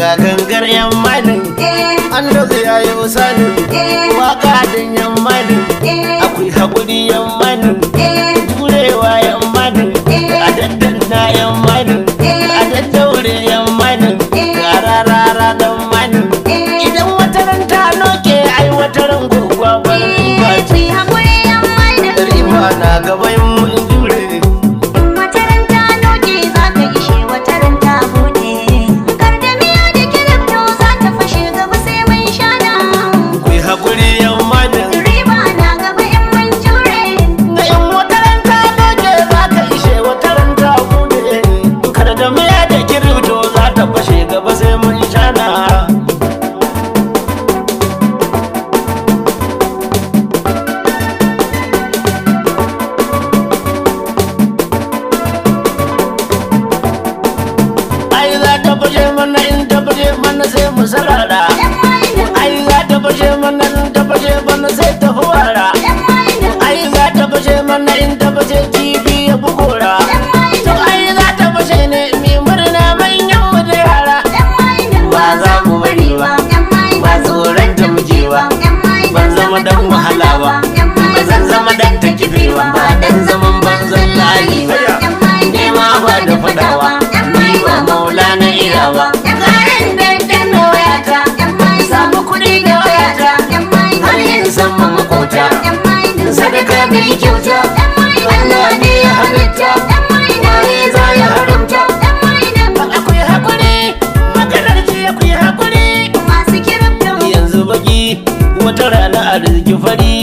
ga gangar yan malin an da ya yi sanin. waka din yan malin akwai haƙuri yan malin turewa yan malin a daddana yan malin a daddaure yan malin ga rarara dan malin idan wata ran ta noke ai wata ran gurgwa ba ci haƙuri yan malin na gaban kai kyauta dan Allah ne ya halitta ba ne za ya a akwai hakuri. maganar ce akwai hakuri. masu kirabta yanzu baki wata rana a rizki fari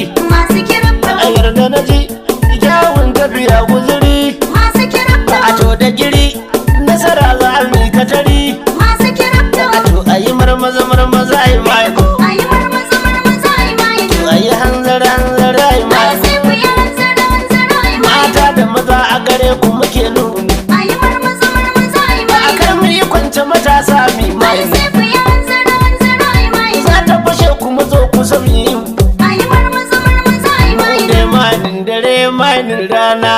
Rana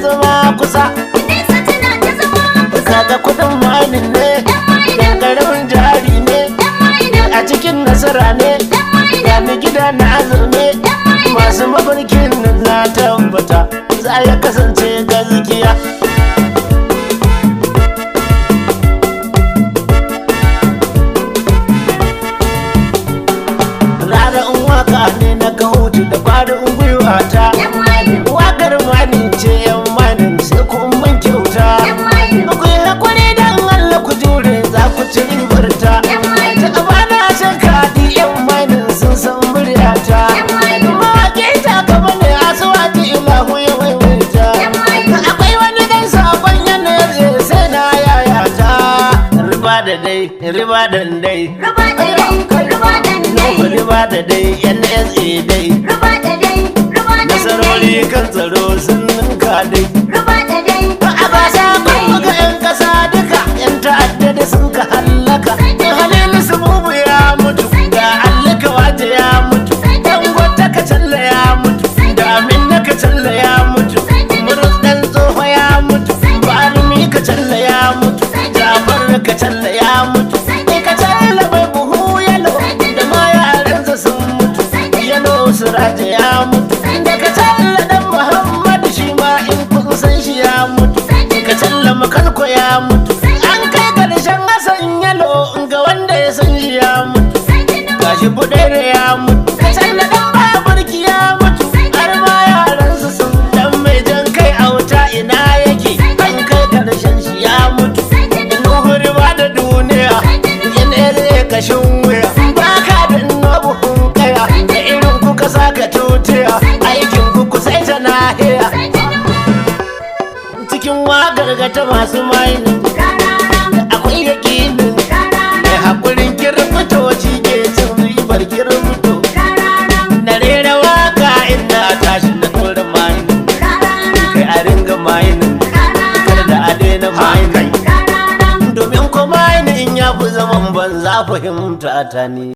zama kusa kada kusa kudin mamin ne garin jari ne a cikin nasara ne ga gida na azumi masu mafarkin nan na tabbata za ya kasance gaskiya Rada in waka ne na kahuti da kwarin gwiwa ta. da dai, riba da dai. Riba da dai, riba da dai. Riba da dai, dai. Riba da dai, riba da dai. Nasarori kan tsaro sun ninka dai. ka ya mutu in bai buhu yalo da ma yaransa sun mutu yalo suraje ya mutu da kacalla dan muhammadu shi ma in kun san shi ya mutu kacalla ka challa ya mutu kashin wuya ba ka da nabu kaya da irin kuka saka tutiya aikin ku sai ta nahiya cikin wagar ga ta masu maini akwai yakinin ka fahimta ta ni